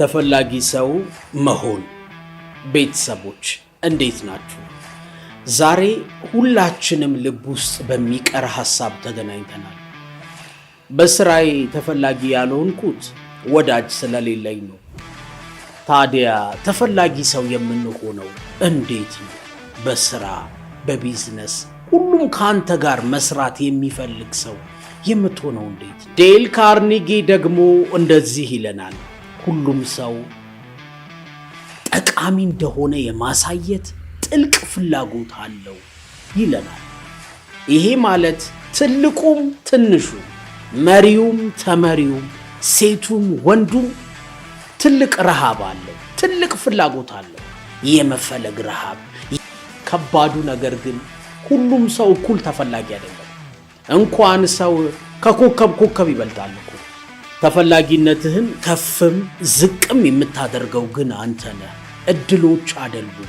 ተፈላጊ ሰው መሆን። ቤተሰቦች እንዴት ናችሁ? ዛሬ ሁላችንም ልብ ውስጥ በሚቀር ሐሳብ ተገናኝተናል። በስራዬ ተፈላጊ ያልሆንኩት ወዳጅ ስለሌለኝ ነው። ታዲያ ተፈላጊ ሰው የምንሆነው እንዴት ነው? በስራ በቢዝነስ ሁሉም ከአንተ ጋር መስራት የሚፈልግ ሰው የምትሆነው እንዴት ዴል ካርኒጌ ደግሞ እንደዚህ ይለናል ሁሉም ሰው ጠቃሚ እንደሆነ የማሳየት ጥልቅ ፍላጎት አለው ይለናል። ይሄ ማለት ትልቁም ትንሹ፣ መሪውም ተመሪውም፣ ሴቱም ወንዱም ትልቅ ረሃብ አለው፣ ትልቅ ፍላጎት አለው፣ የመፈለግ ረሃብ። ከባዱ ነገር ግን ሁሉም ሰው እኩል ተፈላጊ አይደለም። እንኳን ሰው ከኮከብ ኮከብ ይበልጣል እኮ ተፈላጊነትህን ከፍም ዝቅም የምታደርገው ግን አንተ ነህ፣ እድሎች አይደሉም።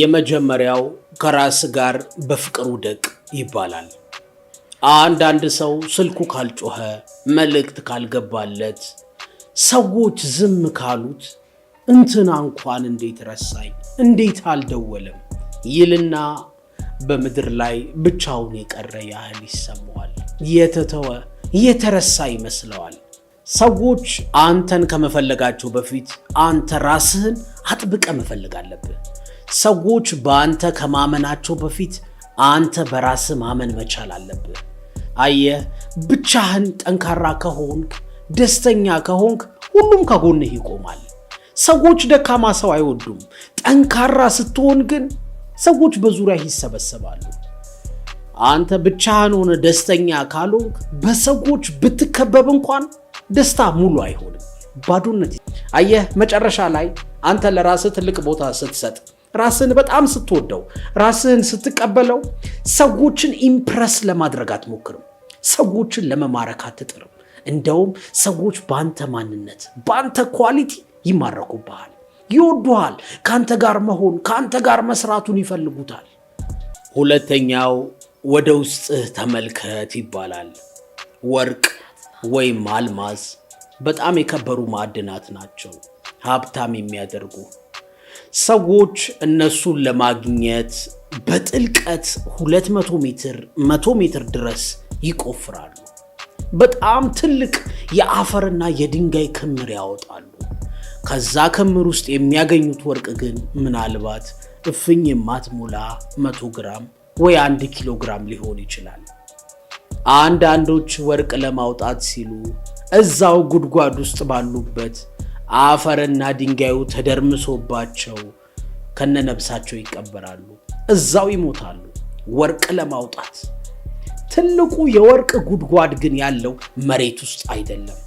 የመጀመሪያው ከራስ ጋር በፍቅር ውደቅ ይባላል። አንዳንድ ሰው ስልኩ ካልጮኸ፣ መልእክት ካልገባለት፣ ሰዎች ዝም ካሉት እንትና እንኳን እንዴት ረሳኝ፣ እንዴት አልደወለም ይልና በምድር ላይ ብቻውን የቀረ ያህል ይሰማዋል። የተተወ እየተረሳ ይመስለዋል። ሰዎች አንተን ከመፈለጋቸው በፊት አንተ ራስህን አጥብቀ መፈለግ አለብህ። ሰዎች በአንተ ከማመናቸው በፊት አንተ በራስህ ማመን መቻል አለብህ። አየህ፣ ብቻህን ጠንካራ ከሆንክ፣ ደስተኛ ከሆንክ ሁሉም ከጎንህ ይቆማል። ሰዎች ደካማ ሰው አይወዱም። ጠንካራ ስትሆን ግን ሰዎች በዙሪያ ይሰበሰባሉ። አንተ ብቻህን ሆነ ደስተኛ ካልሆንክ በሰዎች ብትከበብ እንኳን ደስታ ሙሉ አይሆንም፣ ባዶነት። አየህ መጨረሻ ላይ አንተ ለራስህ ትልቅ ቦታ ስትሰጥ፣ ራስህን በጣም ስትወደው፣ ራስህን ስትቀበለው፣ ሰዎችን ኢምፕረስ ለማድረግ አትሞክርም። ሰዎችን ለመማረክ አትጥርም። እንደውም ሰዎች በአንተ ማንነት፣ በአንተ ኳሊቲ ይማረኩብሃል፣ ይወዱሃል። ከአንተ ጋር መሆን ከአንተ ጋር መስራቱን ይፈልጉታል። ሁለተኛው ወደ ውስጥህ ተመልከት ይባላል። ወርቅ ወይም አልማዝ በጣም የከበሩ ማዕድናት ናቸው፣ ሀብታም የሚያደርጉ ሰዎች እነሱን ለማግኘት በጥልቀት 200 ሜትር 100 ሜትር ድረስ ይቆፍራሉ። በጣም ትልቅ የአፈርና የድንጋይ ክምር ያወጣሉ። ከዛ ክምር ውስጥ የሚያገኙት ወርቅ ግን ምናልባት እፍኝ የማትሞላ 100 ግራም ወይ አንድ ኪሎ ግራም ሊሆን ይችላል። አንዳንዶች ወርቅ ለማውጣት ሲሉ እዛው ጉድጓድ ውስጥ ባሉበት አፈርና ድንጋዩ ተደርምሶባቸው ከነነብሳቸው ይቀበራሉ፣ እዛው ይሞታሉ። ወርቅ ለማውጣት ትልቁ የወርቅ ጉድጓድ ግን ያለው መሬት ውስጥ አይደለም፣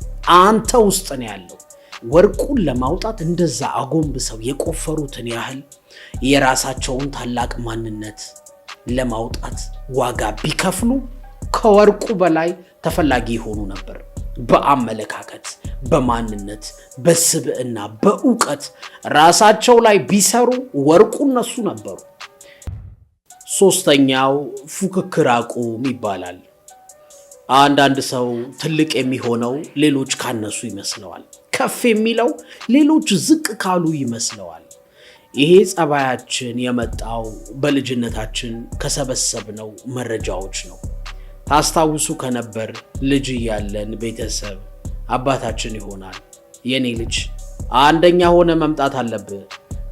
አንተ ውስጥ ነው ያለው። ወርቁን ለማውጣት እንደዛ አጎንብሰው የቆፈሩትን ያህል የራሳቸውን ታላቅ ማንነት ለማውጣት ዋጋ ቢከፍሉ ከወርቁ በላይ ተፈላጊ የሆኑ ነበር። በአመለካከት፣ በማንነት፣ በስብዕና፣ በእውቀት ራሳቸው ላይ ቢሰሩ ወርቁ እነሱ ነበሩ። ሶስተኛው ፉክክር አቁም ይባላል። አንዳንድ ሰው ትልቅ የሚሆነው ሌሎች ካነሱ ይመስለዋል። ከፍ የሚለው ሌሎች ዝቅ ካሉ ይመስለዋል። ይሄ ጸባያችን የመጣው በልጅነታችን ከሰበሰብነው መረጃዎች ነው። ታስታውሱ ከነበር ልጅ እያለን ቤተሰብ አባታችን ይሆናል የኔ ልጅ አንደኛ ሆነ መምጣት አለብህ፣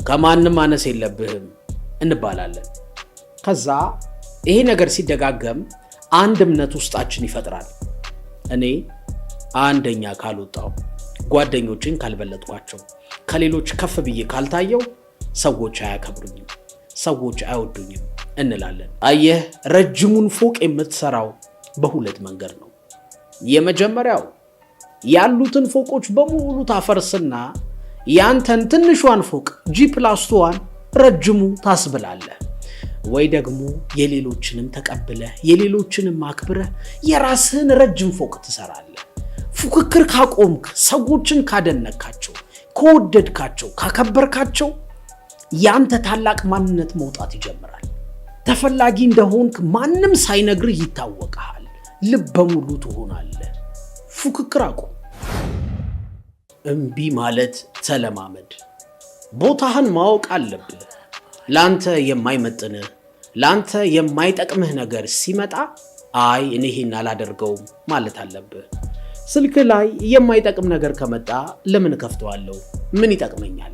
ከማንም ማነስ የለብህም እንባላለን። ከዛ ይሄ ነገር ሲደጋገም አንድ እምነት ውስጣችን ይፈጥራል። እኔ አንደኛ ካልወጣው፣ ጓደኞችን ካልበለጥኳቸው፣ ከሌሎች ከፍ ብዬ ካልታየው ሰዎች አያከብሩኝም፣ ሰዎች አይወዱኝም እንላለን። አየህ ረጅሙን ፎቅ የምትሰራው በሁለት መንገድ ነው። የመጀመሪያው ያሉትን ፎቆች በሙሉ ታፈርስና ያንተን ትንሿን ፎቅ ጂ ፕላስቱዋን ረጅሙ ታስብላለህ። ወይ ደግሞ የሌሎችንም ተቀብለህ የሌሎችንም አክብረህ የራስህን ረጅም ፎቅ ትሰራለህ። ፉክክር ካቆምክ፣ ሰዎችን ካደነካቸው፣ ከወደድካቸው፣ ካከበርካቸው ያንተ ታላቅ ማንነት መውጣት ይጀምራል። ተፈላጊ እንደሆንክ ማንም ሳይነግርህ ይታወቀሃል። ልብ በሙሉ ትሆናለህ። ፉክክር አቁም። እምቢ ማለት ተለማመድ። ቦታህን ማወቅ አለብህ። ለአንተ የማይመጥንህ ለአንተ የማይጠቅምህ ነገር ሲመጣ አይ እኔ ይሄን አላደርገውም ማለት አለብህ። ስልክ ላይ የማይጠቅም ነገር ከመጣ ለምን እከፍተዋለሁ? ምን ይጠቅመኛል?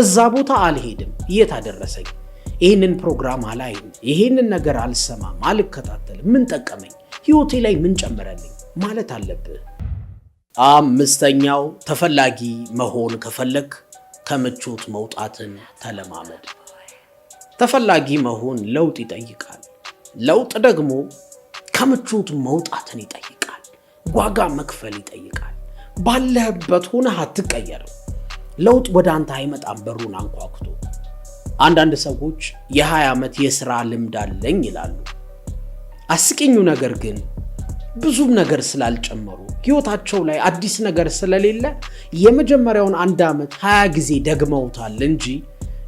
እዛ ቦታ አልሄድም፣ የት አደረሰኝ? ይህንን ፕሮግራም አላይም፣ ይህንን ነገር አልሰማም፣ አልከታተልም፣ ምን ጠቀመኝ? ህይወቴ ላይ ምን ጨመረልኝ ማለት አለብህ። አምስተኛው ተፈላጊ መሆን ከፈለክ ከምቾት መውጣትን ተለማመድ። ተፈላጊ መሆን ለውጥ ይጠይቃል። ለውጥ ደግሞ ከምቾት መውጣትን ይጠይቃል። ዋጋ መክፈል ይጠይቃል። ባለህበት ሆነህ አትቀየርም። ለውጥ ወደ አንተ አይመጣም በሩን አንኳኩቶ። አንዳንድ ሰዎች የ20 ዓመት የሥራ ልምድ አለኝ ይላሉ። አስቂኙ ነገር ግን ብዙም ነገር ስላልጨመሩ ሕይወታቸው ላይ አዲስ ነገር ስለሌለ የመጀመሪያውን አንድ ዓመት 20 ጊዜ ደግመውታል እንጂ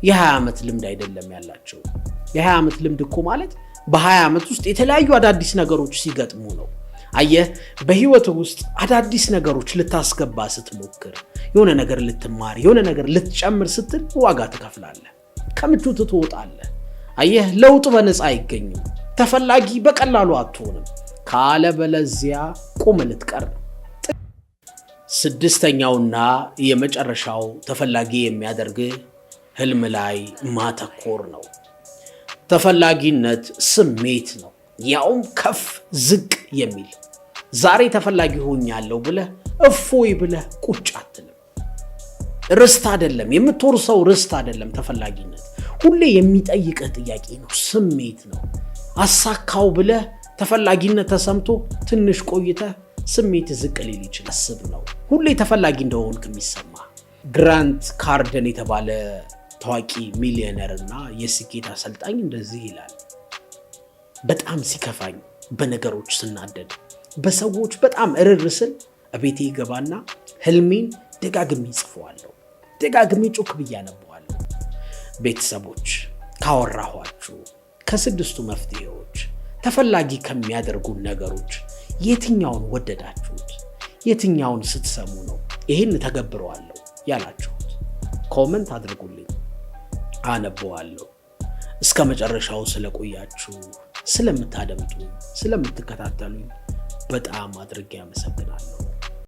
የ20 ዓመት ልምድ አይደለም ያላቸው። የ20 ዓመት ልምድ እኮ ማለት በ20 ዓመት ውስጥ የተለያዩ አዳዲስ ነገሮች ሲገጥሙ ነው። አየህ በህይወት ውስጥ አዳዲስ ነገሮች ልታስገባ ስትሞክር፣ የሆነ ነገር ልትማር፣ የሆነ ነገር ልትጨምር ስትል ዋጋ ትከፍላለህ። ከምቾት ትወጣለህ። አየህ ለውጥ በነፃ አይገኝም። ተፈላጊ በቀላሉ አትሆንም። ካለበለዚያ ቁም ልትቀር ስድስተኛውና የመጨረሻው ተፈላጊ የሚያደርግ ህልም ላይ ማተኮር ነው። ተፈላጊነት ስሜት ነው፣ ያውም ከፍ ዝቅ የሚል ዛሬ ተፈላጊ ሆኛለሁ ብለህ እፎይ ብለህ ቁጭ አትልም። ርስት አይደለም የምትወርሰው ርስት አይደለም ተፈላጊነት። ሁሌ የሚጠይቅህ ጥያቄ ነው፣ ስሜት ነው። አሳካው ብለህ ተፈላጊነት ተሰምቶ ትንሽ ቆይተህ ስሜት ዝቅ ሊል ይችላል። ስብ ነው ሁሌ ተፈላጊ እንደሆንክ የሚሰማ ግራንት ካርደን የተባለ ታዋቂ ሚሊዮነር እና የስኬት አሰልጣኝ እንደዚህ ይላል። በጣም ሲከፋኝ፣ በነገሮች ስናደድ በሰዎች በጣም እርር ስል እቤቴ ይገባና ህልሜን ደጋግሜ ጽፈዋለሁ። ደጋግሜ ጮክ ብዬ አነበዋለሁ። ቤተሰቦች ካወራኋችሁ ከስድስቱ መፍትሄዎች ተፈላጊ ከሚያደርጉ ነገሮች የትኛውን ወደዳችሁት? የትኛውን ስትሰሙ ነው ይህን ተገብረዋለሁ ያላችሁት? ኮመንት አድርጉልኝ፣ አነበዋለሁ። እስከ መጨረሻው ስለቆያችሁ፣ ስለምታደምጡ፣ ስለምትከታተሉኝ በጣም አድርጌ አመሰግናለሁ።